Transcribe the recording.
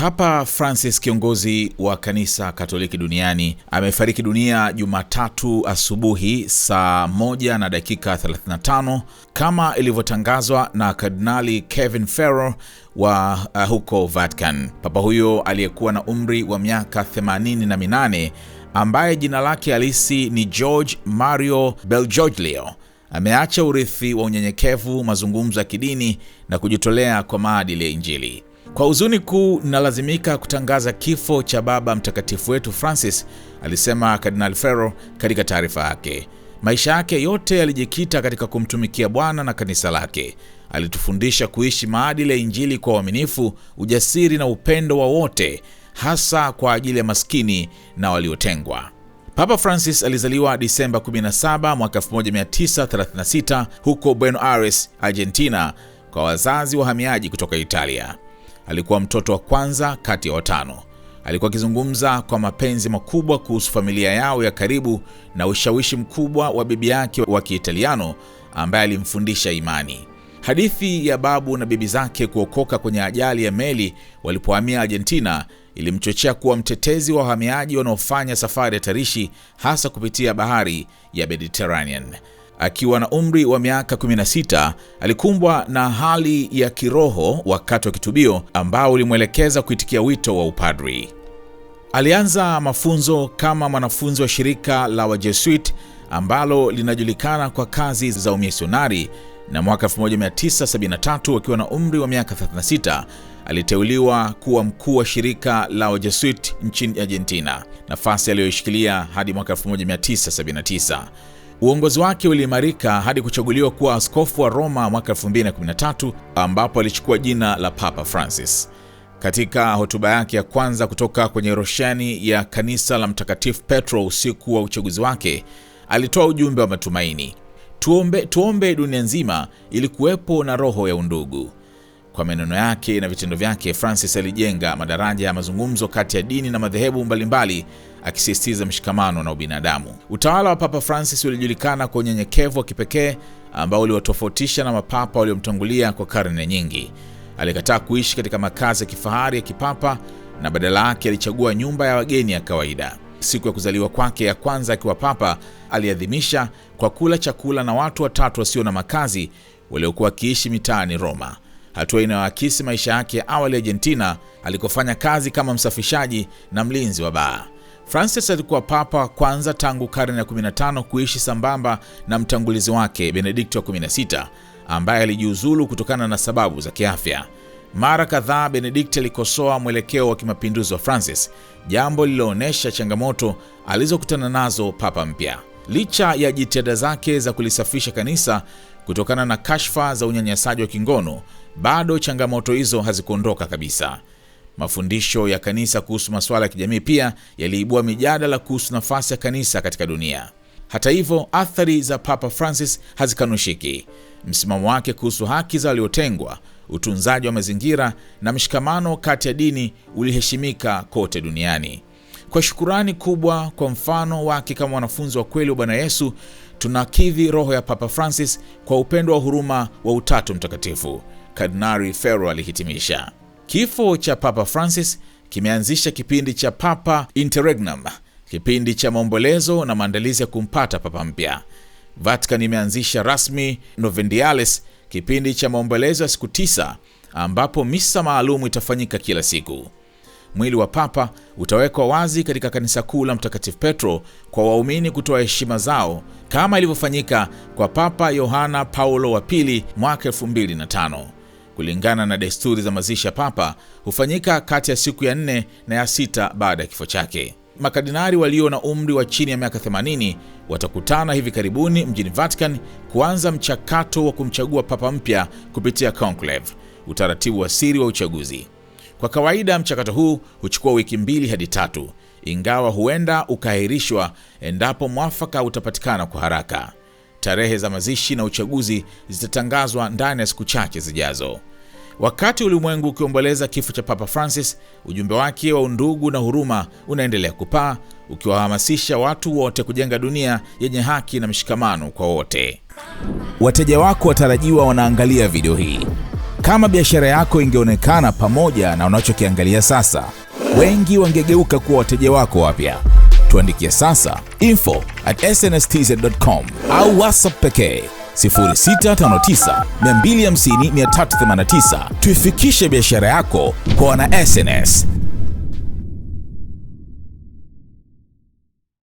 Papa Francis, kiongozi wa kanisa Katoliki duniani, amefariki dunia Jumatatu asubuhi saa moja na dakika 35 kama ilivyotangazwa na Kardinali Kevin Farrell wa uh, huko Vatican. Papa huyo aliyekuwa na umri wa miaka 88 ambaye jina lake halisi ni George Mario Bergoglio ameacha urithi wa unyenyekevu, mazungumzo ya kidini na kujitolea kwa maadili ya Injili. Kwa huzuni kuu, nalazimika kutangaza kifo cha Baba Mtakatifu wetu Francis, alisema Kardinal Ferro katika taarifa yake. Maisha yake yote yalijikita katika kumtumikia Bwana na kanisa lake. Alitufundisha kuishi maadili ya Injili kwa uaminifu, ujasiri na upendo wa wote, hasa kwa ajili ya maskini na waliotengwa. Papa Francis alizaliwa Disemba 17 mwaka 1936 huko Buenos Aires, Argentina, kwa wazazi wahamiaji kutoka Italia. Alikuwa mtoto wa kwanza kati ya watano. Alikuwa akizungumza kwa mapenzi makubwa kuhusu familia yao ya karibu na ushawishi mkubwa wa bibi yake wa Kiitaliano ambaye alimfundisha imani. Hadithi ya babu na bibi zake kuokoka kwenye ajali ya meli walipohamia Argentina ilimchochea kuwa mtetezi wa wahamiaji wanaofanya safari ya tarishi hasa kupitia bahari ya Mediterranean akiwa na umri wa miaka 16 alikumbwa na hali ya kiroho wakati wa kitubio ambao ulimwelekeza kuitikia wito wa upadri. Alianza mafunzo kama mwanafunzi wa shirika la Wajesuit ambalo linajulikana kwa kazi za umisionari, na mwaka 1973 akiwa na umri wa miaka 36 aliteuliwa kuwa mkuu wa shirika la Wajesuit nchini Argentina, nafasi aliyoishikilia hadi mwaka 1979. Uongozi wake uliimarika hadi kuchaguliwa kuwa askofu wa Roma mwaka 2013 ambapo alichukua jina la Papa Francis. Katika hotuba yake ya kwanza kutoka kwenye roshani ya kanisa la Mtakatifu Petro usiku wa uchaguzi wake, alitoa ujumbe wa matumaini. Tuombe, tuombe dunia nzima ili kuwepo na roho ya undugu. Kwa maneno yake na vitendo vyake, Francis alijenga madaraja ya mazungumzo kati ya dini na madhehebu mbalimbali, akisisitiza mshikamano na ubinadamu. Utawala wa Papa Francis ulijulikana kwa unyenyekevu wa kipekee ambao uliwatofautisha na mapapa waliomtangulia kwa karne nyingi. Alikataa kuishi katika makazi ya kifahari ya kipapa na badala yake alichagua nyumba ya wageni ya kawaida. Siku ya kuzaliwa kwake ya kwanza akiwa papa aliadhimisha kwa kula chakula na watu watatu wasio na makazi waliokuwa wakiishi mitaani Roma hatua inayoakisi maisha yake ya awali Argentina alikofanya kazi kama msafishaji na mlinzi wa baa. Francis alikuwa papa wa kwanza tangu karne ya 15 kuishi sambamba na mtangulizi wake Benedikto wa 16 ambaye alijiuzulu kutokana na sababu za kiafya. Mara kadhaa Benedikti alikosoa mwelekeo wa kimapinduzi wa Francis, jambo lililoonyesha changamoto alizokutana nazo papa mpya. Licha ya jitihada zake za kulisafisha kanisa, kutokana na kashfa za unyanyasaji wa kingono, bado changamoto hizo hazikuondoka kabisa. Mafundisho ya kanisa kuhusu masuala ya kijamii pia yaliibua mijadala kuhusu nafasi ya kanisa katika dunia. Hata hivyo, athari za Papa Francis hazikanushiki. Msimamo wake kuhusu haki za waliotengwa, utunzaji wa mazingira na mshikamano kati ya dini uliheshimika kote duniani. Kwa shukurani kubwa kwa mfano wake kama wanafunzi wa kweli wa Bwana Yesu, tunakidhi roho ya Papa Francis kwa upendo wa huruma wa Utatu Mtakatifu, Kardinari Ferro alihitimisha. Kifo cha Papa Francis kimeanzisha kipindi cha Papa Interregnum, kipindi cha maombolezo na maandalizi ya kumpata papa mpya. Vatican imeanzisha rasmi Novendiales, kipindi cha maombolezo ya siku tisa, ambapo misa maalumu itafanyika kila siku mwili wa Papa utawekwa wazi katika kanisa kuu la Mtakatifu Petro kwa waumini kutoa heshima zao kama ilivyofanyika kwa Papa Yohana Paulo wa Pili mwaka 2005. Kulingana na desturi za mazishi ya Papa hufanyika kati ya siku ya nne na ya sita baada ya kifo chake. Makardinari walio na umri wa chini ya miaka 80 watakutana hivi karibuni mjini Vatican kuanza mchakato wa kumchagua papa mpya kupitia conclave, utaratibu wa siri wa uchaguzi. Kwa kawaida mchakato huu huchukua wiki mbili hadi tatu, ingawa huenda ukaahirishwa endapo mwafaka utapatikana kwa haraka. Tarehe za mazishi na uchaguzi zitatangazwa ndani ya siku chache zijazo. Wakati ulimwengu ukiomboleza kifo cha Papa Francis, ujumbe wake wa undugu na huruma unaendelea kupaa, ukiwahamasisha watu wote kujenga dunia yenye haki na mshikamano kwa wote. Wateja wako watarajiwa wanaangalia video hii. Kama biashara yako ingeonekana pamoja na unachokiangalia sasa, wengi wangegeuka kuwa wateja wako wapya. Tuandikie sasa info at snstz.com au WhatsApp pekee 659 250 389. Tuifikishe biashara yako kwa wana SNS.